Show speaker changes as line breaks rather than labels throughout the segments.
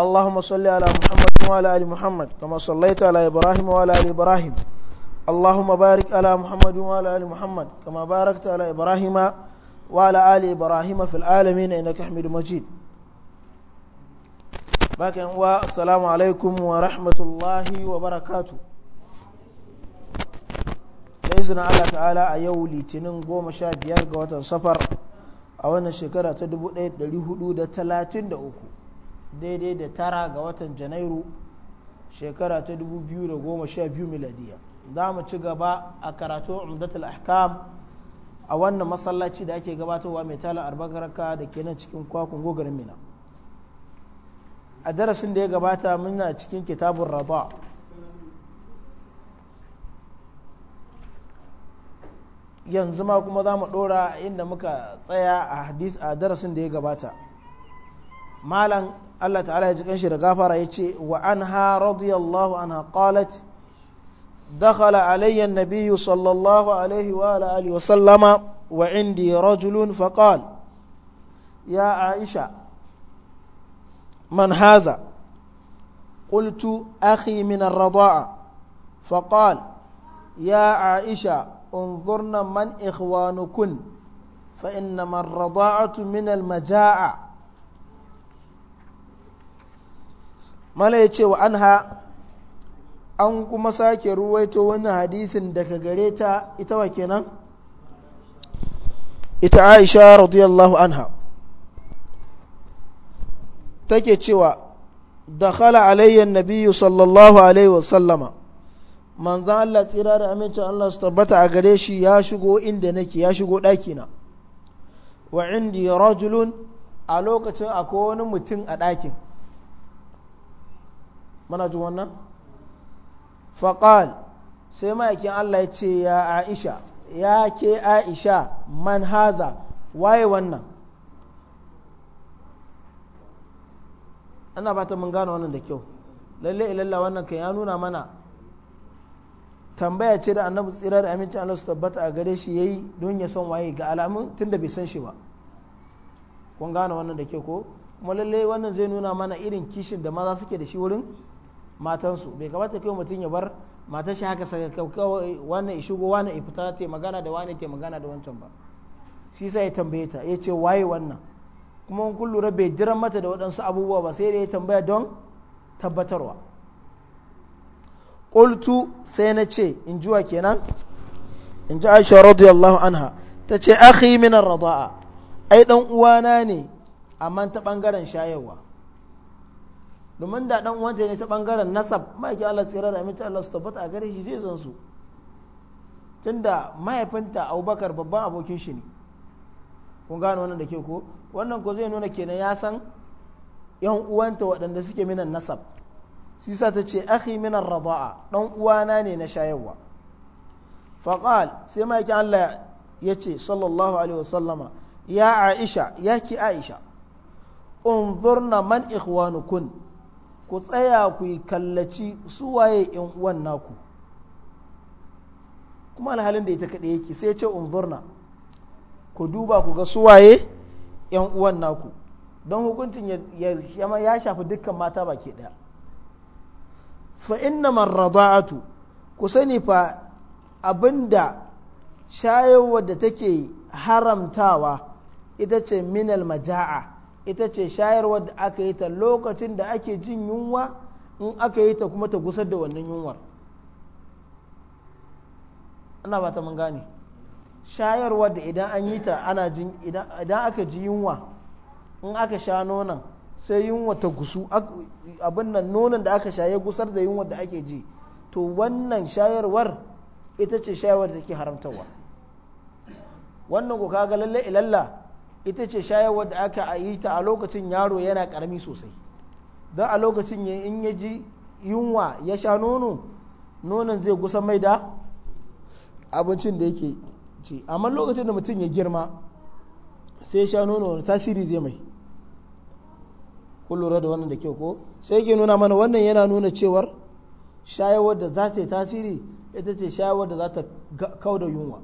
اللهم صل على محمد وعلى ال محمد كما صليت على ابراهيم وعلى ال ابراهيم اللهم بارك على محمد وعلى ال محمد كما باركت على ابراهيم وعلى ال ابراهيم في العالمين انك حميد مجيد باكن والسلام عليكم ورحمه الله وبركاته باذن الله تعالى a yau litinin 15 ga watan safar a wannan shekara ta 1433 daidai da tara ga watan janairu shekara ta 2012 miladiya za mu ci gaba a karatu umdatul ahkam a wannan masallaci da ake gabatarwa mai talar albarkarka da ke nan cikin kwakun gogarin mina a darasin da ya gabata muna cikin kitabun raba yanzu ma kuma za mu ɗora inda muka tsaya a hadis a darasin da ya gabata malam Allah ta'ala ya ji kanshi da gafara ya ce wa ha radiyallahu anha qalat dakhala alayya an-nabiy sallallahu alayhi wa alihi wa sallama wa indi rajulun fa qala ya Aisha man hadha قلت أخي من الرضاعة فقال يا عائشة انظرن من إخوانكن فإنما الرضاعة من المجاعة mala ya ce wa anha an kuma sake ruwaito wani hadisin daga gare ta ita wa kenan ita aisha radiyallahu anha take cewa da khala alayya nabiyyu sallallahu alaihi wasallama manzan Allah tsira da amincin Allah su tabbata a gare shi ya shigo inda nake ya shigo ɗakina wa indi rajulun a lokacin akwai wani mutum a ɗakin mana ji wannan faƙal sai ma'aikin Allah ya ce ya aisha ya ke aisha man haza waye wannan ana bata mun gane wannan da kyau lalle ilalla wannan kan ya nuna mana tambaya ce da annabi tsira da amincin Allah su tabbata a gare shi yayi don ya san waye ga alamun tunda bai san shi ba kun gane wannan da kyau ko kuma lalle wannan zai nuna mana irin kishin da maza suke da shi wurin matansu bai kamata kai mutum ya bar matar shi haka saka kawai wannan ya shigo wannan ya fita ta magana da wani ta magana da wancan ba shi sai ya tambaye ta ya ce waye wannan kuma in kun lura bai jiran mata da wadansu abubuwa ba sai dai ya tambaya don tabbatarwa qultu sai na ce in jiwa kenan in ji Aisha radiyallahu anha ta ce akhi min ar-rada'a ai dan uwana ne amma ta bangaren shayarwa domin da dan uwanta ne ta bangaren nasab ma'aikin Allah tsira da aminta Allah su tabbata a gare shi zai zan su tunda mahaifinta Abubakar babban abokin shi ne kun gano wannan da ke ko wannan ko zai nuna kenan ya san yan uwanta waɗanda suke minan nasab shi sa ta ce akhi minan raza'a dan uwana ne na shayarwa faqal sai ma'aikin Allah ya ce sallallahu alaihi wasallama ya Aisha ya ki Aisha unzurna man ikhwanukun ku tsaya ku yi kallaci su waye yan uwan naku kuma alhalin da ita kaɗai yake sai ce unzurna ku duba ku ga su waye yan uwan naku don hukuncin ya shafi dukkan mata baki ɗaya fa inna marrada'atu ku sani fa abinda shayarwa da take haramtawa ita ce minal maja'a ita ce shayarwar da aka yi ta lokacin da ake jin yunwa in aka yi ta kuma ta gusar da wannan yunwar ana ba ta mun gane shayarwar da idan an yi ta ana jin idan aka ji yunwa in aka sha nonon sai yunwa ta gusu abin nan nonon da aka sha ya gusar da yunwa da ake ji to wannan shayarwar ita ce shayarwar da ke haramtarwa wannan ku kaga lalle ilalla ita ce shayarwar da aka yi ta a lokacin yaro yana karami sosai don a lokacin in ya ji yunwa ya sha nono nonon zai kusa mai da abincin da yake ci amma lokacin da mutum ya girma sai ya sha nono wani tasiri zai mai kun lura da wannan da kyau ko sai ke nuna mana wannan yana nuna cewar shayarwar da za ta yi tasiri ita ce shayarwar da za ta kau da yunwa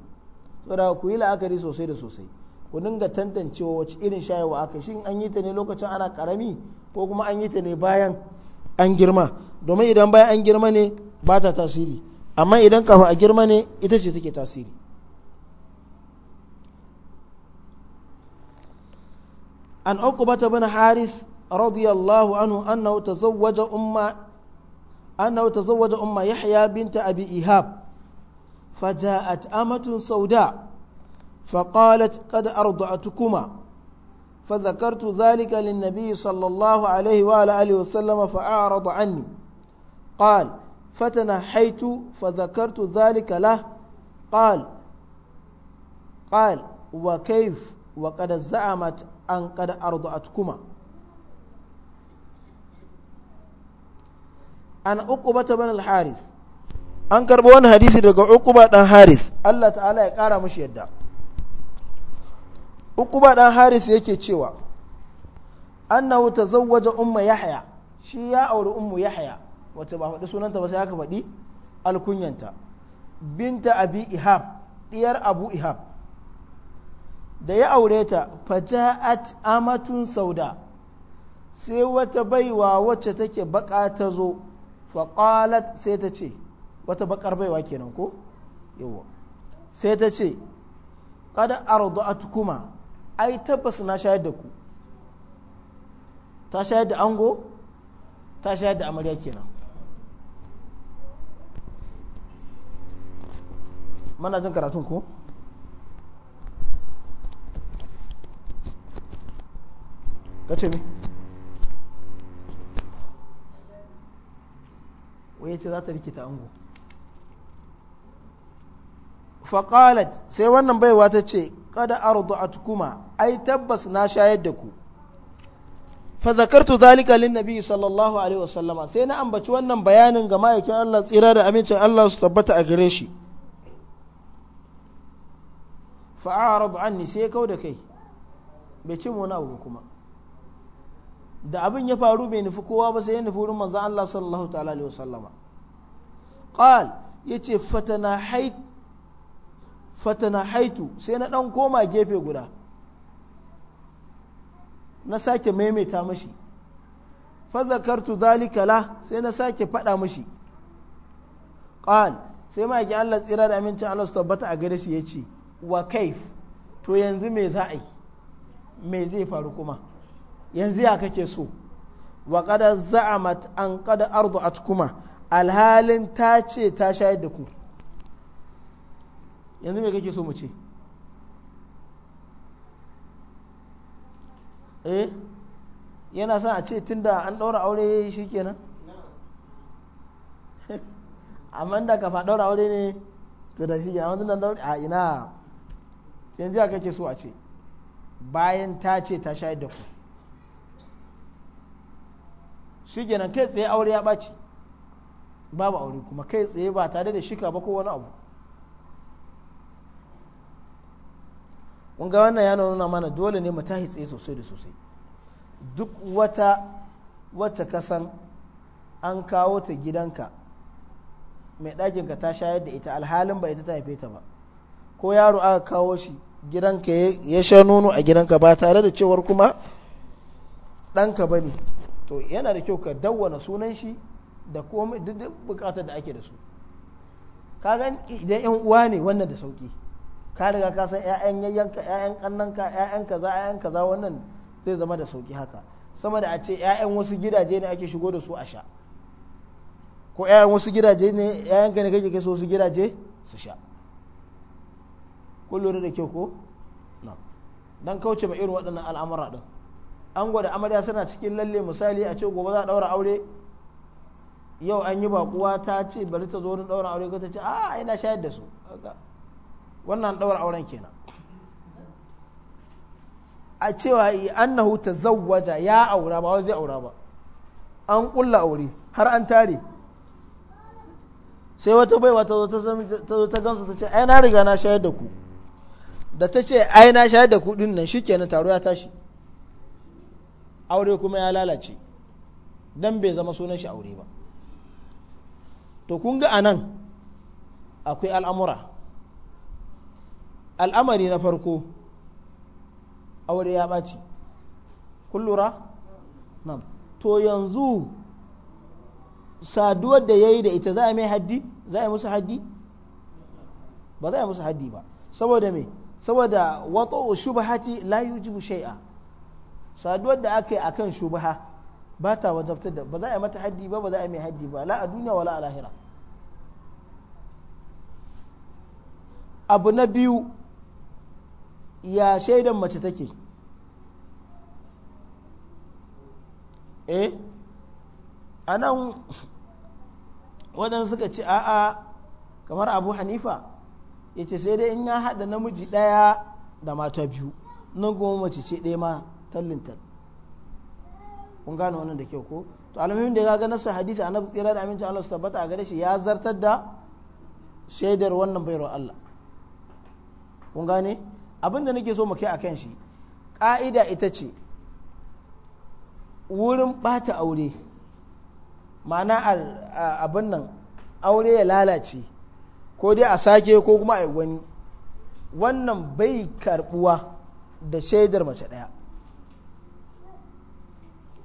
saboda ku yi la'akari sosai da sosai ku dinga tantancewa wace irin shayarwa aka shin an yi ta ne lokacin ana karami ko kuma an yi ta ne bayan an girma domin idan bayan an girma ne ba ta tasiri amma idan kafa a girma ne ita ce take tasiri an bata bin haris radiyallahu anhu annahu tazawwaja umma annahu tazawwaja umma yahya بنت أبي إيهاب فجاءت فقالت قد أرضعتكما فذكرت ذلك للنبي صلى الله عليه وآله وسلم فأعرض عني قال فتنحيت فذكرت ذلك له قال قال وكيف وقد زعمت أن قد أرضعتكما أنا أقبة بن الحارث an karɓi wani hadisi daga uquba dan harith Allah ta'ala ya ƙara mashi yadda ukuba dan harith yake cewa annahu tazawwaja umma yahya shi ya auri ummu yahya wacce ba faɗi sunanta ba sai aka faɗi alkunyanta binta abi ihab diyar abu ihab da ya aure ta faja'at amatun sauda sai wata baiwa wacce take baka ta zo faƙalat sai ta ce wata bakar baiwa kenan ko yawa sai ta ce kada ardu'at kuma ai tabbas na shayar da ku ta shayar da ango ta shayar da amarya kenan mana jin karatun ko kace ne wai ce za ta rikita ango faƙalat sai wannan baiwa ta ce kada arda'atkuma ai tabbas na shayar da ku fa zakartu zalika lin nabi sallallahu alaihi wasallama sai na ambaci wannan bayanin ga ma'aikin Allah tsira da amincin Allah su tabbata a gare shi fa a'rad anni sai kau da kai bai ci wani abu kuma da abin ya faru bai nufi kowa ba sai ya nufi wurin manzon Allah sallallahu ta'ala alaihi wasallama qal yace fatana hait fatana haitu sai na ɗan koma gefe guda na sake maimaita mashi fazakartu zalika la sai na sake faɗa mashi ƙal sai ma'aikin Allah tsira da amincin Allah su tabbata a gare shi ya ce wa kaif to yanzu me za a yi me zai faru kuma yanzu ya kake so wa kada za'amat an kada a kuma alhalin ta ce ta shayar da ku yanzu me kake so mu ce eh yana son a ce tunda an ɗaura aure shi kenan amma da ka ɗaura aure ne to da shi kenan tunda ɗaura a ina yanzu ya kake so a ce bayan ta ce ta shayar da ku shi kenan kai tsaye aure ya ɓaci babu aure kuma kai tsaye ba tare da shika ba ko wani abu kun ga wannan ya nuna mana dole ne mu tahi tsaye sosai da sosai duk wata wacce kasan an kawo ta gidanka mai ɗakinka ta shayar da ita alhalin ba ita ta haife ta ba ko yaro aka kawo shi gidanka ya sha nono a gidanka ba tare da cewar kuma ɗanka ba ne to yana da kyau ka dawwana sunan shi da komai duk bukatar da ake da su ka gan idan yan uwa ne wannan da sauki ka riga ka san ƴaƴan yayyanka ƴaƴan kannanka ƴaƴan kaza ƴaƴan kaza wannan zai zama da sauki haka sama da a ce ƴaƴan wasu gidaje ne ake shigo da su a sha ko ƴaƴan wasu gidaje ne ƴaƴanka ne kake kai su wasu gidaje su sha kullum da kyau ko dan kauce ma irin waɗannan al'amura din an gwada amarya suna cikin lalle misali a ce gobe za a ɗaura aure yau an yi bakuwa ta ce bari ta zo wurin ɗaura aure ko ta ce a ina shayar da su wannan ɗaura auren kenan a cewa annahu tazawwaja ya aura ba zai aura ba an ƙulla aure har an tare sai wata baiwa ta zo ta gamsa ta ce ai na riga na shayar da ku da ta ce ai na shayar da ku din nan shikenan taro ya tashi aure kuma ya lalace dan bai zama sunan shi aure ba to kun ga anan akwai al'amura al'amari na farko aure ya ɓaci kun lura? to yanzu saduwar da ya yi da ita za a mai haddi za a musu haddi ba za a musu haddi ba saboda me saboda wato shubahati la yujibu shaia saduwar da aka yi a kan shubaha ba ta wajabtar da ba za a mata haddi ba ba za a mai haddi ba la a duniya wala a lahira abu na biyu ya shaidan mace take eh a nan waɗansu suka ce a'a kamar abu hanifa ya ce sai dai in ya haɗa namiji ɗaya da mata biyu nan kuma mace ce ɗaya ma tallintar kun gane wannan da kyau ko to alamin da ya ga nasu hadisi annabi tsira da amincin Allah su tabbata a gare shi ya zartar da shaidar wannan baiwar Allah kun gane abin da nake so mu kai kan shi ƙa'ida ita ce wurin bata aure ma'ana abin nan aure ya lalace ko dai a sake ko kuma a wani wannan bai karbuwa da shaidar mace ɗaya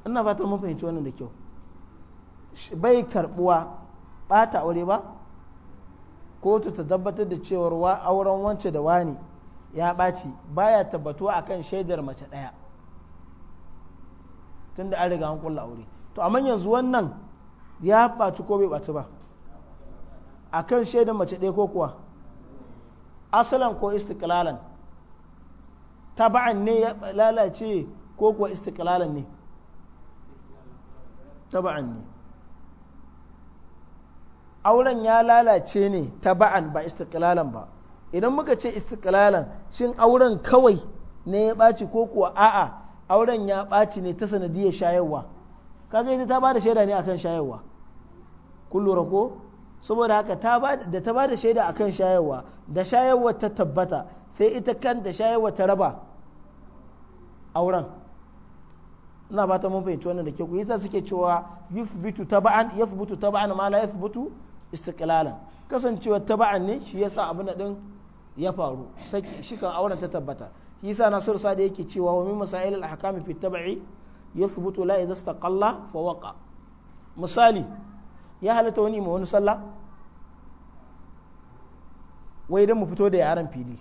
ina fatan mun fahimci wannan da kyau bai karbuwa bata aure ba kotu ta tabbatar da cewar auren wance da wani ya ɓaci baya tabbatuwa akan shaidar mace ɗaya tun da an riga an kulla aure to amma yanzu wannan ya ɓaci ko bai ɓaci ba akan shaidar mace ɗaya ko kuwa asalan ko istiklalan taba'an ne ya lalace ko kuwa istiklalan ne taba'an ne auren ya lalace ne taba'an ba istiklalan ba idan muka ce istiklalan shin auren kawai ne ya ɓaci ko kuwa a'a auren ya ɓaci ne ta sanadiyar shayarwa kaga ita ta ba da shaida ne akan shayarwa kun lura ko saboda haka da ta ba da shaida akan shayarwa da shayarwa ta tabbata sai ita kanta shayarwa ta raba auren ina ba ta mun fahimci wannan da ke ku yasa suke cewa yuthbitu taba'an yuthbitu taba'an ma la yuthbitu istiklalan kasancewa taba'an ne shi yasa abin din ya faru shi kan auren ta tabbata shi yasa nasiru sadi yake cewa wa min masail al ahkam fi tab'i yathbutu la idza istaqalla fa waqa misali ya halatta wani ma wani sallah wai idan mu fito da yaran fili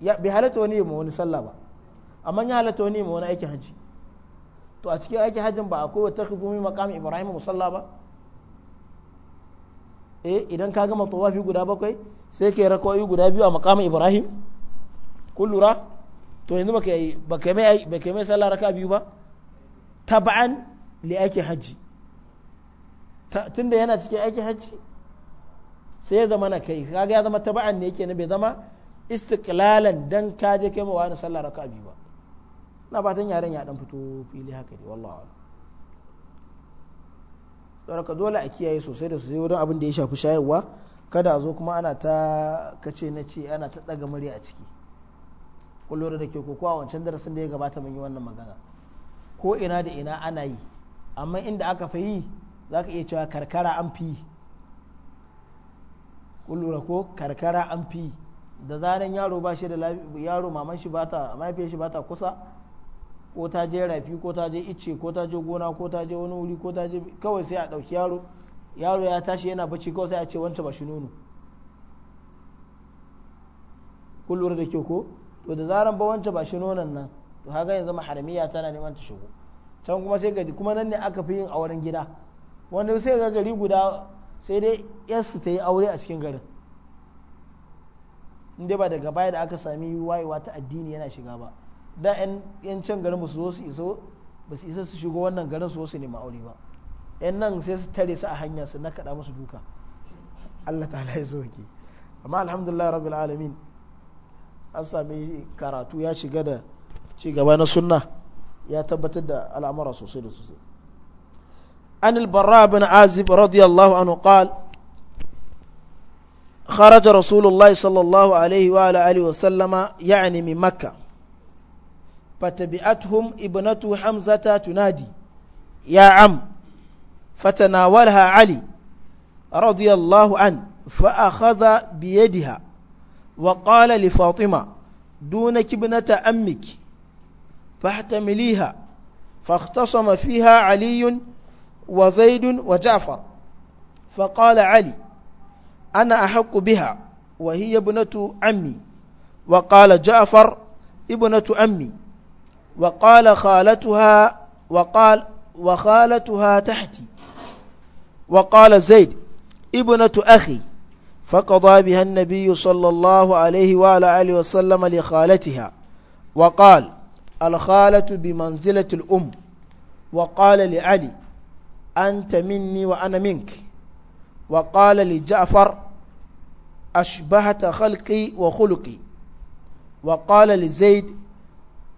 ya bi halatta wani ma wani sallah ba amma ya halatta wani ma wani aikin haji to a cikin aikin hajjin ba akwai wa takhudhu maqam ibrahim musalla ba eh idan ka gama tawafi guda bakwai sai ka yi raka'o'i guda biyu a makamin ibrahim kun lura to yanzu baka yi baka mai baka mai sallah raka biyu ba tab'an li aiki hajji tunda yana cikin aiki hajji sai ya zama na kai kaga ya zama tab'an ne yake ne bai zama istiklalan dan ka je kai ma wani sallah raka biyu ba na fatan yaren ya dan fito fili haka dai wallahi saboda dole a kiyaye sosai da sosai wurin abin da ya shafi shayarwa kada a zo kuma ana ta kace na ce ana ta daga murya a ciki kullum da ke ko a wancan darasin da ya gabata mun yi wannan magana ko ina da ina ana yi amma inda aka fi yi za ka iya cewa karkara an fi kullum ko karkara an fi da zanen yaro ba shi da yaro maman shi bata mahaifiyar shi bata kusa ko ta je rafi ko ta je icce ko ta je gona ko ta je wani wuri ko ta je kawai sai a ɗauki yaro yaro ya tashi yana bacci kawai sai a ce wancan ba shi nono kun da ke ko to da zaran ba wancan ba shi nonon nan to haka yanzu maharamiya tana neman ta shigo can kuma sai gadi kuma nan ne aka fi yin auren gida wanda sai ga gari guda sai dai yarsu ta yi aure a cikin garin in dai ba daga baya da aka sami wayewa ta addini yana shiga ba da yan can garin ba su zo su iso ba su isa su shigo wannan garin su su nemi aure ba yan nan sai su tare su a hanya su nakaɗa musu duka Allah ta'ala ya soke amma alhamdulillah rabbil alamin an sami karatu ya shiga da ci gaba na sunna ya tabbatar da al'amura sosai da sosai an al-barra bin azib radiyallahu anhu qala خرج رسول الله صلى الله عليه وعلى آله وسلم يعني من مكة فتبعتهم ابنة حمزة تنادي يا عم فتناولها علي رضي الله عنه فأخذ بيدها وقال لفاطمة دونك ابنة أمك فاحتمليها فاختصم فيها علي وزيد وجعفر فقال علي أنا أحق بها وهي ابنة عمي وقال جعفر ابنة عمي وقال خالتها وقال وخالتها تحتي وقال زيد ابنة أخي فقضى بها النبي صلى الله عليه وعلى آله وسلم لخالتها وقال الخالة بمنزلة الأم وقال لعلي أنت مني وأنا منك وقال لجعفر أشبهت خلقي وخلقي وقال لزيد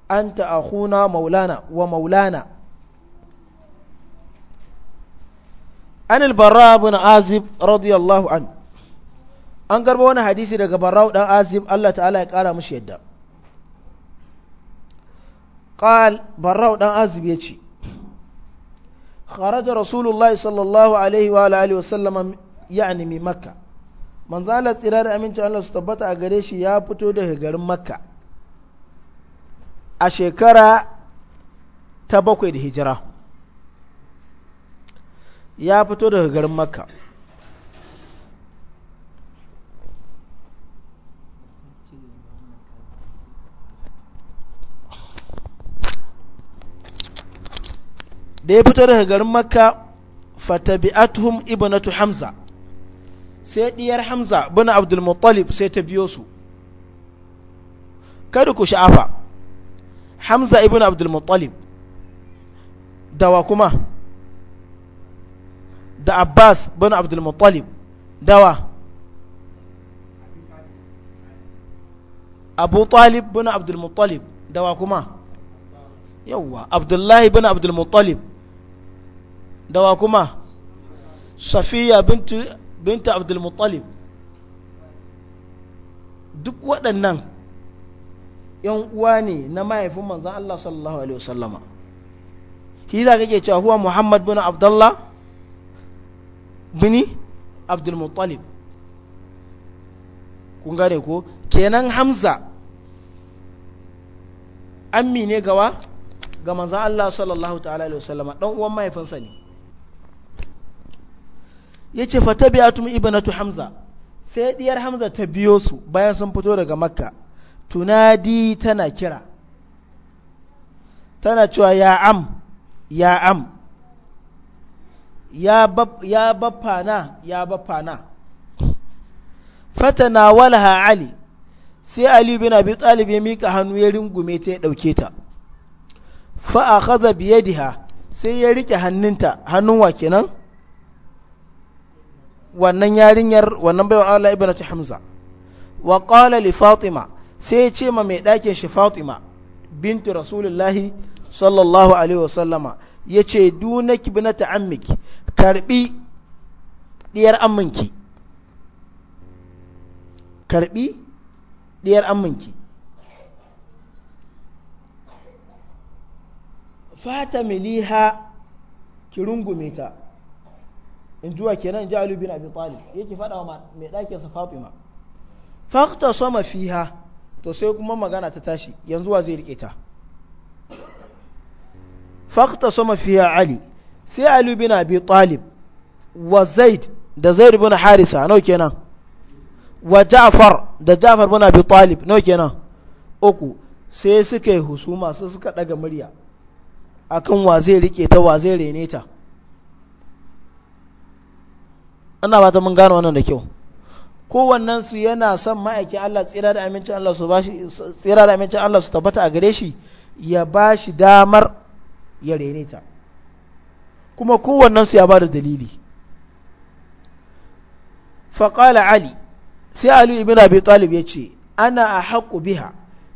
anta akhuna maulana wa maulana an al-barra ibn azib radiyallahu an an garba wani hadisi daga barra dan azib Allah ta'ala ya kara mishi yadda قال براء دان عازب يجي خرج رسول الله صلى الله عليه وآله وسلم يعني من مكة من زال تسيرار tabbata الله gare shi يا فتو ده garin مكة a shekara ta bakwai da hijira ya fito daga garin makka da ya fito daga garin makka fatabi'atuhum ibnatu hamza sai diyar hamza bin abdul sai ta biyo su kada ku sha'afa hamza ibn abdul da wa kuma da abbas ibn abdul da wa abu talib ibn abdul da wa kuma yawwa abdullahi ibn abdul da wa kuma safiya bintu bintu abdul muttalib duk waɗannan yan uwa ne na mahaifin manzan Allah sallallahu alaihi wasallama shi za ke cewa huwa Muhammad bin Abdullah bin Abdul Muttalib kun gane ko kenan Hamza ammi ne gawa ga manzan Allah sallallahu ta'ala alaihi wasallama dan uwan mahaifinsa ne yace fatabi'atum ibnatu Hamza sai diyar Hamza ta biyo su bayan sun fito daga Makka tunadi tana kira tana cewa ya am ya am ya baffana ya baffana fatana walha ali sai Aliyu bin abi talib ya mika hannu ya rungume ta ya dauke ta fa kaza biye yadiha sai ya rike hannunta hannun wa kenan wannan yarinyar wannan baiwa Allah ibnu Hamza wa qala li Fatima sai ya ce ma mai ɗakin shi fatima bintu rasulullahi sallallahu alaihi wasallama ya ce dunaki bi na ta'ammiki karbi ɗiyar amminki karbi ɗiyar amminki fata miliha ki rungume ta in juwa kenan in bin Abi Talib yake faɗa wa mai sa Fatima fakta sama fiha to sai kuma magana ta tashi yanzu wa zai rike ta fakta sama fiya ali sai ali bin abi talib wa zaid da zaid bin harisa nau kenan wa ja'far da ja'far bin abi talib nau kenan uku sai suka yi husuma sai suka daga murya akan wa zai rike ta wa zai rene ta ana ba ta mun gano wannan da kyau kowannen su yana son ma'aikin Allah tsira da amincin Allah su bashi tsira da amincin Allah tabbata a gare shi ya bashi damar ya rene ta kuma kowannen su ya da dalili faqala ali sai ali ibn abi talib ce ana ahqqu biha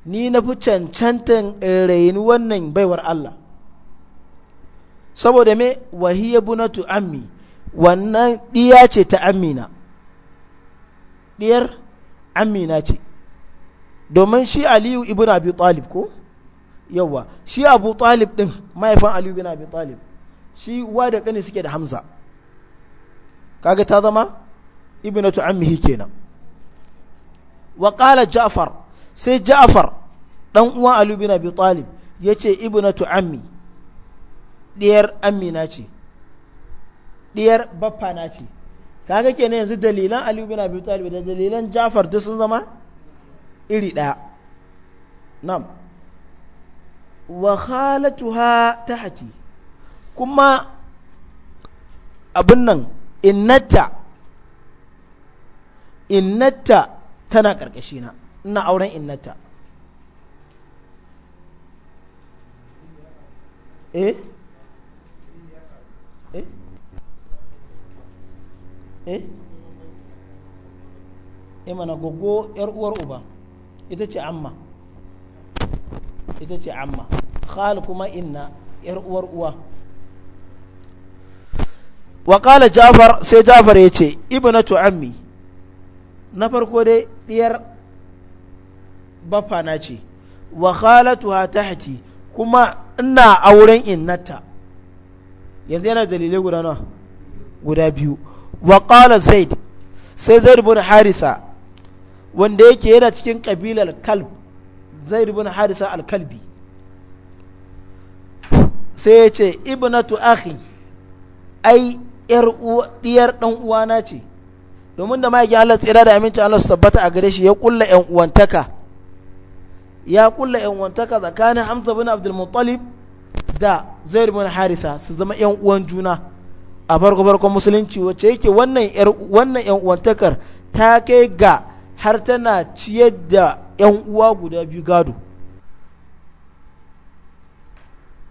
ni na fi cancantan raini wannan baiwar Allah saboda me wahiya bunatu ammi wannan diya ce ta amina diyar amina ce domin shi aliyu ibn abi talib ko yawa shi abu talib din mahaifin aliyu ibn abi talib shi uwa da kani suke da hamza kaga ta zama ibnatu ammihi kenan wa qala ja'far sai ja'far dan uwan aliyu ibn abi talib yace ibnatu ammi diyar amina ce diyar baffa na ce kaga kenan yanzu dalilan Ali ibn Abi Talib da dalilan Ja'far duk sun zama iri daya nam wa khalatuha tahti kuma abun nan innata innata tana na ina auren innata eh eh eh ya eh mana gogo yar uwar uba ita ce amma ita ce amma khal kuma inna yar uwar uwa wa qala jafar sai jafar ya ce ibnatu ammi na farko dai diyar bafana ce wa khalatuha tahti kuma ina auren innata yanzu yana dalilai guda nawa guda biyu wa zaid sai zaid bin harisa wanda yake yana cikin kabilar kalb zaid bin harisa alkalbi sai ya ce ibnatu ahi ai ɗiyar diyar uwana ce domin da ma'aikin Allah tsira da amincin Allah su tabbata a gare shi ya ƙulla ƴan uwantaka ya ƙulla ƴan uwantaka tsakanin Hamza bin Abdul da Zaid bin Harisa su zama yan uwan juna a farko farkon musulunci wacce yake wannan wannan yan uwantakar ta kai ga har tana ciyar da yan uwa guda biyu gado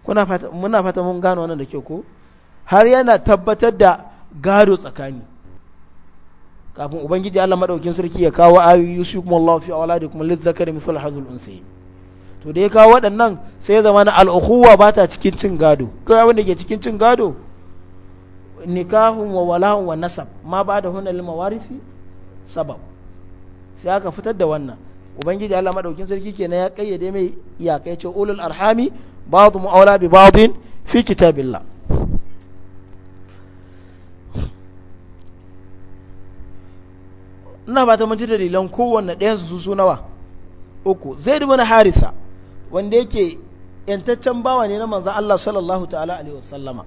kuna fata muna fata mun gano wannan da ke ko har yana tabbatar da gado tsakani kafin ubangiji Allah madaukin sarki ya kawo ayu yusufu Allah fi auladikum lizzakari mithlu hadhul unsi to da ya kawo waɗannan sai zama na al'ukuwa ba ta cikin cin gado kai abin da ke cikin cin gado nikahun wa walahun wa nasab ma ba da hunan mawarisi sabab sai aka fitar da wannan ubangiji Allah madaukin sarki kenan ya kayyade mai kai ce ulul arhami ba'dhu mu'awla bi ba'dhin fi kitabillah ina ba ta mun da dalilan kowanne ɗayan su su nawa uku zaid bin harisa wanda yake yantaccen bawa ne na manzo Allah sallallahu ta'ala alaihi wasallama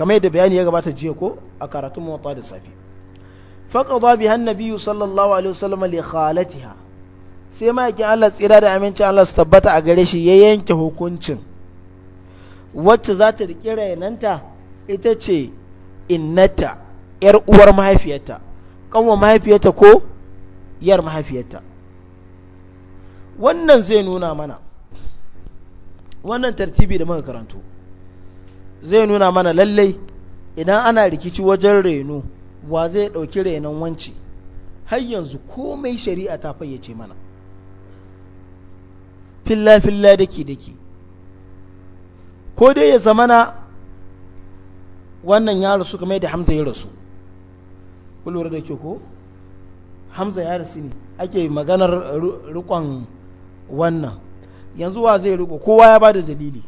kamar yadda bayani ya gabata jiya ko a karatun mawata da safi faqada biha biyu sallallahu alaihi wasallam li khalatiha sai ma yake Allah tsira da amincin Allah su tabbata a gare shi ya yanke hukuncin wacce za ta riƙe rayananta ita ce innata ‘yar uwar mahaifiyarta, ƙanwa mahaifiyarta ko yar mahaifiyarta. Wannan zai nuna mana, wannan tartibi da muka karanto, zai nuna mana lallai idan ana rikici wajen reno wa zai ɗauki renon wanci har yanzu komai shari'a ta fayyace mana filla-filla daki-daki ko dai ya zamana wannan ya rasu kamar yadda hamza ya rasu ku da ke ko hamza ya rasu ne ake maganar rikon wannan yanzu wa zai riko kowa ya ba da dalili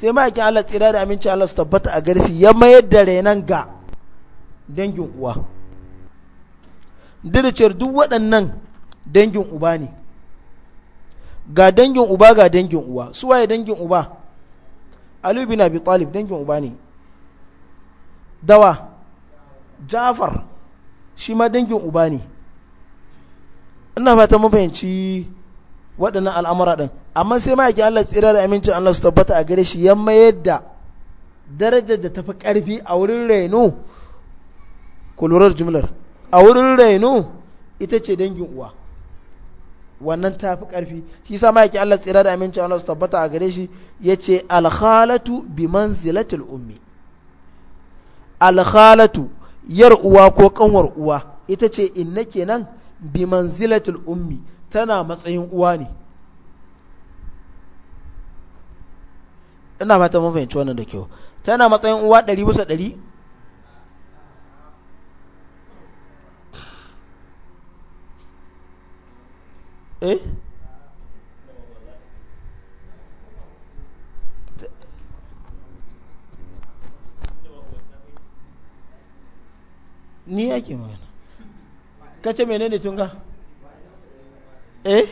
sai ma'aikin Allah tsira da aminci Allah su tabbata a garisi ya mayar da renan ga dangin uwa diriciyar duk waɗannan dangin uba ne ga dangin uba ga dangin uwa su waye dangin uba Ali bin Abi Talib dangin uba ne dawa Jafar shi ma dangin uba ne ina fata mun waɗannan al'amura ɗin amma sai ma'aikin Allah tsira da amincin Allah su tabbata a gare shi yamma mayar da darajar da tafi ƙarfi a wurin raino kulurar jumlar a wurin raino ita ce dangin uwa wannan ta fi ƙarfi shi sa ma'aikin Allah tsira da amincin Allah su tabbata a gare shi ya ce alhalatu bi manzilatul ummi alhalatu yar uwa ko kanwar uwa ita ce in nake nan bi manzilatul ummi tana matsayin uwa ne ina fata mun fahimci wannan da kyau tana matsayin uwa ɗari bisa ɗari eh ni yake mana kace menene tunga eh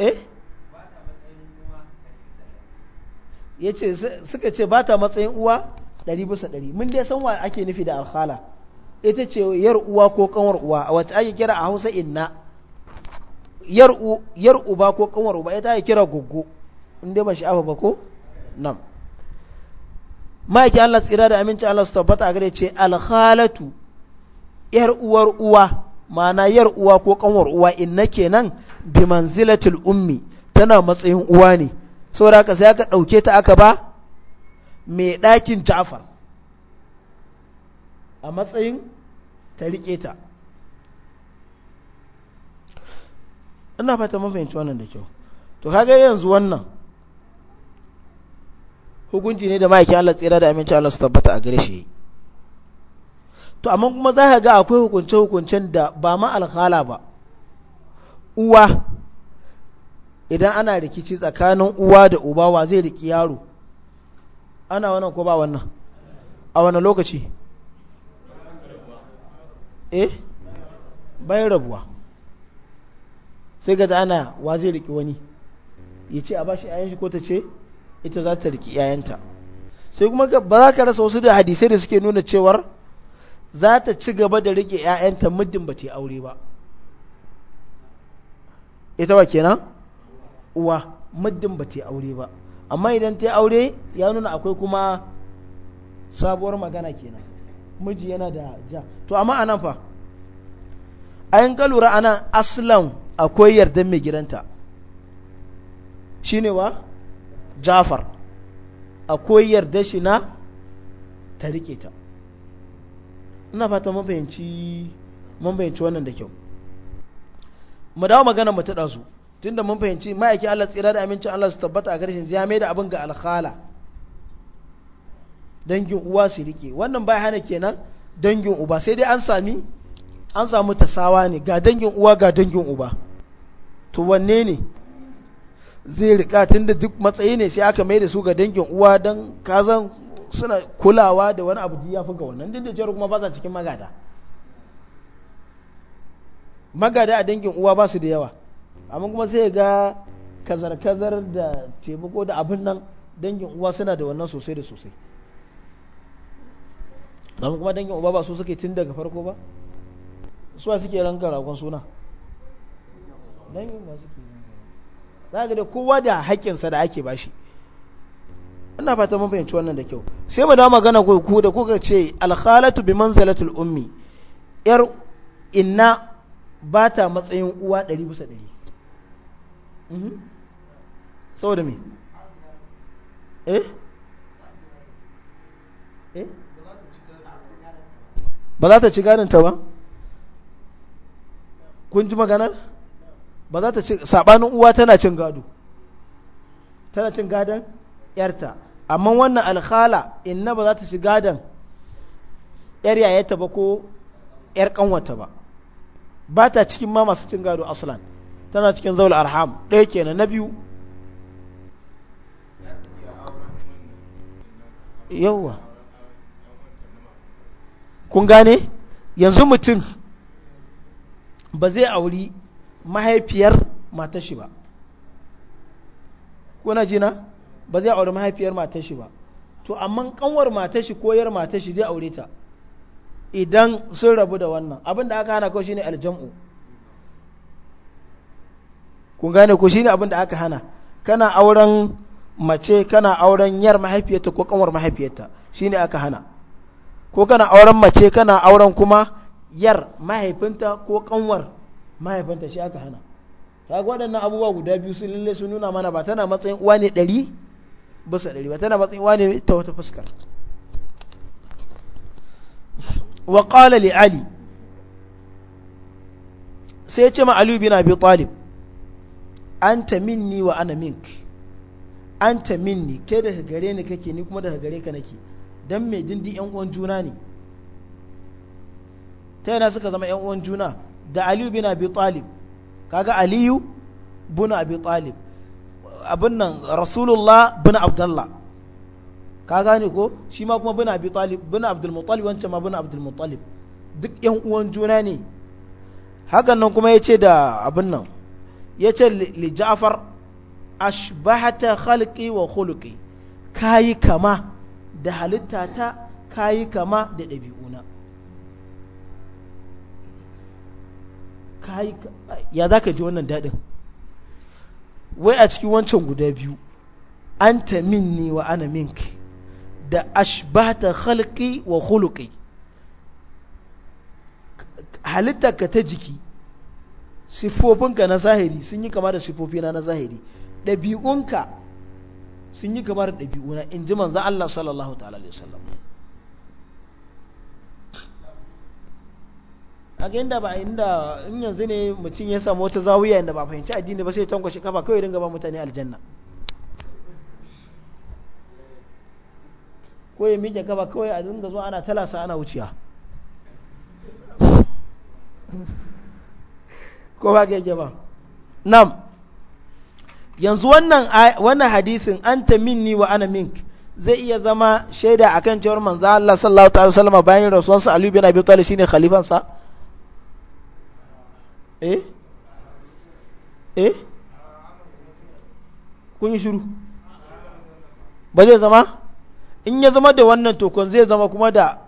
eh ya ce suka ce ba ta matsayin uwa ɗari bisa ɗari mun dai san wa ake nufi da alkhala ita ce yar uwa ko kanwar uwa a wacce ake kira a hausa inna yar uba ko kanwar uba ita ake kira goggo in dai ba sha'afa ba ko ma ma'aikin Allah tsira da aminci Allah su tabbata a gare ce alkhalatu yar uwar uwa ma'ana yar uwa ko kanwar uwa na kenan bi manzilatul ummi tana matsayin uwa ne saboda ka sai aka dauke ta aka ba mai ɗakin Ja'far a matsayin ta rike ta ina fata mafahimci wannan da kyau to kaga yanzu wannan hukunci ne da ma'aikin Allah tsira da aminci Allah su tabbata a gare shi to amma kuma za ka ga akwai hukunce-hukuncen da ba ma alhala ba uwa idan ana rikici tsakanin uwa da uba wa zai riki yaro ana wannan ko ba wannan a wannan lokaci eh bayan rabuwa sai ga ana wa zai riki wani ya ce a bashi shi ayyanshi ko ta ce ita za ta riki yayanta sai kuma ba za ka rasa wasu da hadisai da suke nuna cewar za ta ci gaba da rike 'ya'yanta muddin ba ta aure ba ita wa kenan uwa muddin ba ta aure ba amma idan ta aure ya nuna akwai kuma sabuwar magana kenan miji yana da ja to amma anan fa ayin ka anan aslan akwai yardar mai gidanta ne wa jafar akwai yarda shi na ta rike ta ina fata mun fahimci mun fahimci wannan da kyau mu dawo magana mu ta su tunda mun fahimci ma'aiki Allah tsira da amincin Allah su tabbata a karshen ya mai da abin ga alkhala dangin uwa su rike wannan bai hana kenan dangin uba sai dai an sami an samu tasawa ne ga dangin uwa ga dangin uba to wanne ne zai rika tunda duk matsayi ne sai aka mai da su ga dangin uwa don kazan suna kulawa da wani abu ya fi ga wannan duk da cewar kuma ba sa cikin magada magada a dangin uwa ba su da yawa amma kuma sai ga kazar-kazar da taimako da abin nan dangin uwa suna da wannan sosai da sosai amma kuma dangin uba ba su suke tun daga farko ba suwa suke ranka ragon suna dangin uwa suke za ga da kowa da haƙƙinsa da ake bashi shi ina fata mun fahimci wannan da kyau sai mu dawo magana ko ku da kuka ce al-khalatu bi manzilatul ummi yar inna ba ta matsayin uwa 100 bisa 100 mhm. saboda me eh eh ba za ta ci ta ba kun ji maganar ba za ta ci sabanin uwa tana cin gado tana cin gadon yarta amma wannan alkhala inna ba za ta shiga dan yar yayata ba ko yar kanwata ba ba ta cikin ma masu cin gado aslan tana cikin zaul arham ɗaya kenan na biyu yawwa kun gane yanzu mutum ba zai auri mahaifiyar matar shi ba kuna jina ba zai aure mahaifiyar matar shi ba to amma kanwar matar shi ko yar matar shi zai aure ta idan sun rabu da wannan abin da aka hana kawai shine aljam'u kun gane ko shine abin da aka hana kana auren mace kana auren yar mahaifiyarta ko kanwar mahaifiyarta shine aka hana ko kana auren mace kana auren kuma yar mahaifinta ko kanwar mahaifinta shi aka hana kaga waɗannan abubuwa guda biyu sun lalle sun nuna mana ba tana matsayin uwa ne ɗari bisa ɗari ba tana matsayin ne ta wata fuskar wa qala li ali sai ya ce ma ali bin abi talib anta minni wa ana mink anta minni kai daga gare ni kake ni kuma daga gare ka nake dan me dindi yan uwan juna ne ta yana suka zama yan uwan juna da aliyu bin abi talib kaga aliyu bin abi talib abin nan rasulullah bin abdullah ka gane ko shi ma kuma bin abi abdul muttalib wancan ma bin abdul muttalib duk yan uwan juna ne hakan nan kuma yace da abin nan yace li ja'far ashbahata khalqi wa khuluqi kayi kama da halitta ka yi kama da ɗabi'una ya ya zaka ji wannan daɗin. wai a cikin wancan guda biyu anta minni wa ana minki da ashbata halki wa halitta ka ta jiki siffofinka na zahiri sun yi kama da siffofina na zahiri ɗabi'unka sun yi kama da ɗabi'una in ji manzan Allah sallallahu ta'ala alaihi wasallam haka inda ba inda in yanzu ne mutum ya samu wata zawiya inda ba fahimci addini ba sai tankwashe kafa kawai dinga ba mutane aljanna ko ya miƙe kafa kawai a dinga zuwa ana talasa ana wuciya ko ba yake ba nam yanzu wannan wannan hadisin anta minni wa ana mink zai iya zama shaida akan cewar manzo Allah sallallahu alaihi wasallam bayan rasuwansa Ali bin Abi Talib shine khalifansa eh eh kun shiru ba zai zama in ya zama da wannan tokon zai zama kuma da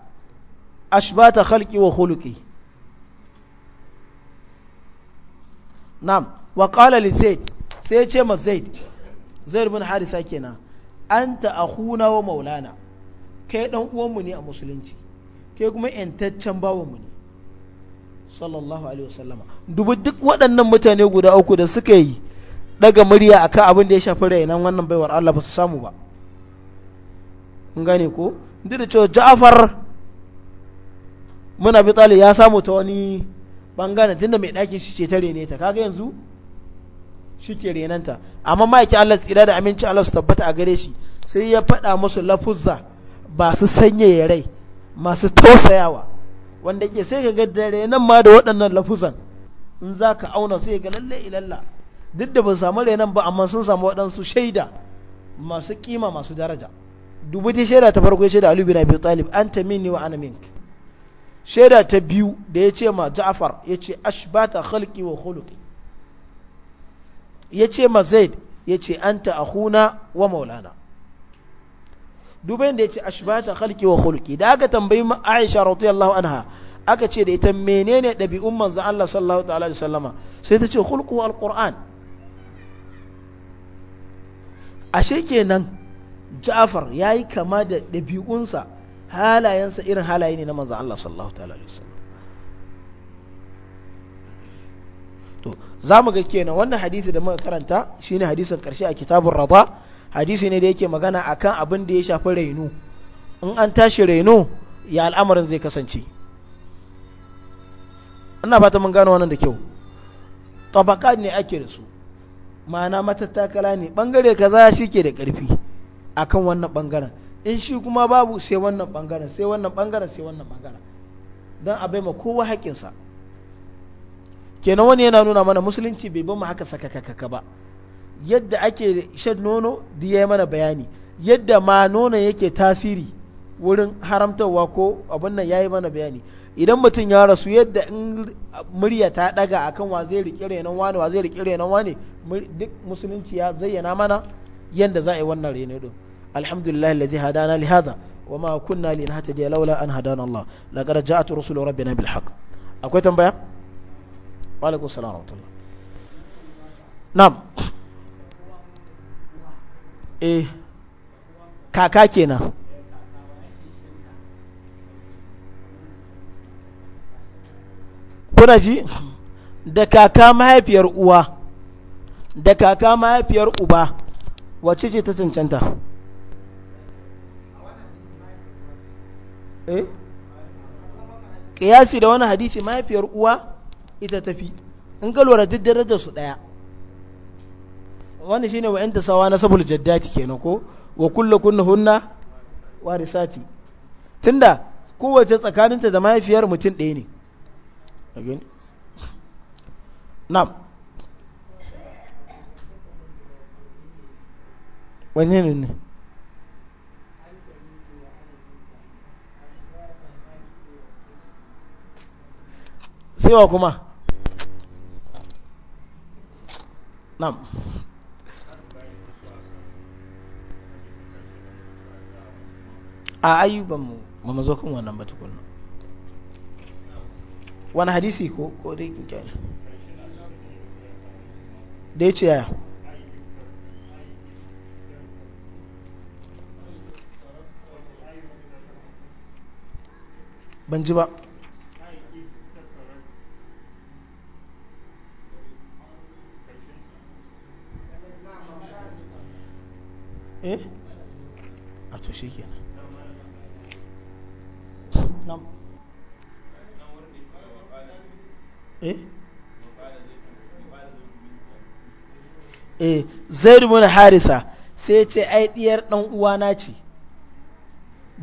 ashbata khalqi wa khuluqi na'am wa qala li zaid sai ya ce ma zaid zaid bin harisa kenan anta akhuna wa maulana kai dan uwanmu ne a musulunci kai kuma yantaccen mu ne sallallahu alaihi wasallama dubu duk waɗannan mutane guda uku da suka yi daga murya akan abin da ya shafi nan wannan baiwar Allah ba su samu ba kun gane ko duk da cewa Ja'far muna bi tsali ya samu ta wani bangare tunda mai ɗakin shi ce ta rene ta kaga yanzu shi ke renanta amma ma'aikin Allah tsira da aminci Allah su tabbata a gare shi sai ya faɗa musu lafuzza ba su sanyaya rai masu tausayawa wanda ke sai ka ga dare nan ma da waɗannan lafuzan in za ka auna sai ga lalle ilalla duk da ba samu renan ba amma sun samu waɗansu shaida masu kima masu daraja dubu ta shaida ta farko ya ce da Ali bin Abi Talib anta minni wa ana mink shaida ta biyu da yace ce ma Ja'far ya ce ashbata khalqi wa khuluqi ya ma Zaid ya ce anta akhuna wa maulana duba da ya ce ashbata halki wa khulqi da aka tambayi Aisha yallahu anha aka ce da ita menene ɗabi'un manzon Allah sallallahu ta'ala alaihi wasallama sai ta ce khulqu alquran ashe kenan Ja'far ya yi kama da ɗabi'unsa halayensa irin halaye ne na manzon Allah sallallahu ta'ala alaihi wasallam to zamu ga kenan wannan hadisi da muka karanta shine hadisin karshe a kitabun rada hadisi ne da yake magana akan abin da ya shafi raino in an tashi raino ya al'amarin zai kasance ina fata mun gano wannan da kyau tabaka ne ake da su ma'ana matattakala ne bangare kaza shi ke da karfi akan wannan bangaren in shi kuma babu sai wannan bangaren sai wannan bangaren sai wannan bangaren don a bai ma kowa haƙƙinsa kenan wani yana nuna mana musulunci bai bamu haka saka ba yadda ake shan nono da ya yi mana bayani yadda ma nono yake tasiri wurin haramtarwa ko abin nan ya yi mana bayani idan mutum ya rasu yadda in murya ta daga akan wa zai riƙe renon wani wa zai riƙe renon wani duk musulunci ya zayyana mana yadda za a yi wannan reno din alhamdulillah alladhi hadana li hada wa ma kunna linahtadiya laula an hadana Allah laqad ja'at rusulu rabbina bil haqq akwai tambaya wa alaikum assalam wa rahmatullah na'am Eh, kaka kenan kuna ji da kaka mahaifiyar uwa da kaka mahaifiyar uba wacce ce ta cancanta eh kiyasi da wani hadisi mahaifiyar uwa ita tafi in ga lura duk darajar su daya wani shine wa yanta sawa na sabul jaddati kenan ko wa kullu kunna hunna warisati tunda kowace tsakaninta da mahaifiyar mutum ɗaya ne again na'am wanne ne ne sai wa kuma na'am a ayyuban mu ba mu zo kan wannan ba tukun wani hadisi ko ko dai kin kyau ce ya yaya ban ji ba eh a to shi kenan e eh harisa sai ya ce ai diyar dan uwana ce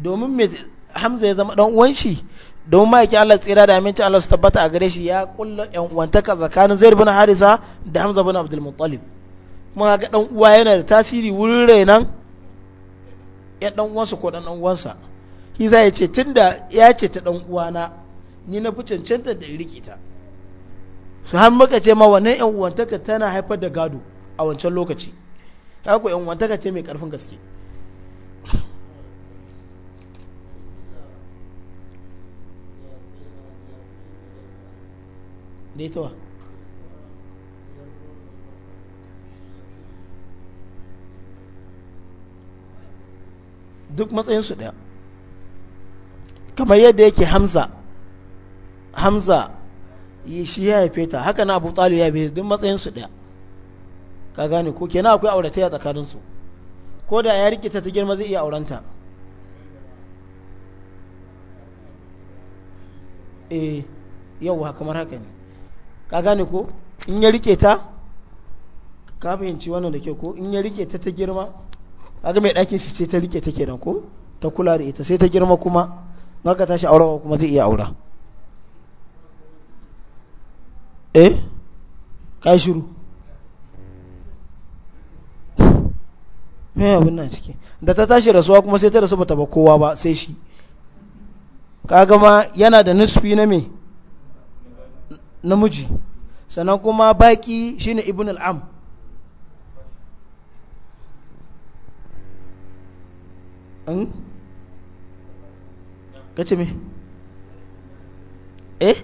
domin me hamza ya zama dan uwan shi domin ma'aikin Allah tsira da aminci Allah su tabbata agare shi ya kulla yan uwantaka tsakanin zaid harisa da hamza bin abdul muttalib kuma ga dan uwa yana da tasiri wurin rainan ya dan uwansa ko dan uwansa shi za ya ce da ya ce ta dan uwana ni na fi cancanta da rikita su han maka ce ma wannan yan uwantaka tana haifar da gado a wancan lokaci ku yan uwantaka ce mai karfin gaske duk matsayinsu ɗaya kamar yadda yake hamza hamza shi ya haife ta haka na abu talib ya haife duk matsayinsu ɗaya ka gane ko kenan akwai auratai a tsakaninsu ko da ya rikita ta girma zai iya aurenta yau eh, yauwa kamar haka ne ka gane ko in ya rike ta ka fahimci wannan da ke ko in ya rike ta ta girma kaga mai ɗakin shi ce ta rike ta kenan ko ta kula da ita sai ta girma kuma na ka tashi aurawa kuma zai iya aura eh ka shiru mai abin nan ciki da ta tashi rasuwa kuma sai ta rasu bata ba kowa ba sai shi kaga ma yana da nusfi na me namiji sannan kuma baki shine ibn al'am an hmm? kace me eh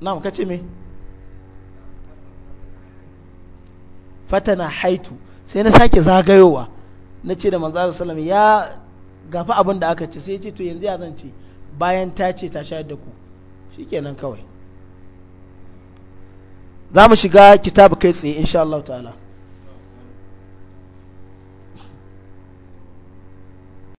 na'am kace me fatana haitu sai na sake zagayowa na ce da manzara salam ya gafi abin da aka ce sai ya ce to yanzu ya zan ce bayan ta ce ta shayar da ku kenan kawai za mu shiga kitabu kai tsaye insha Allah ta'ala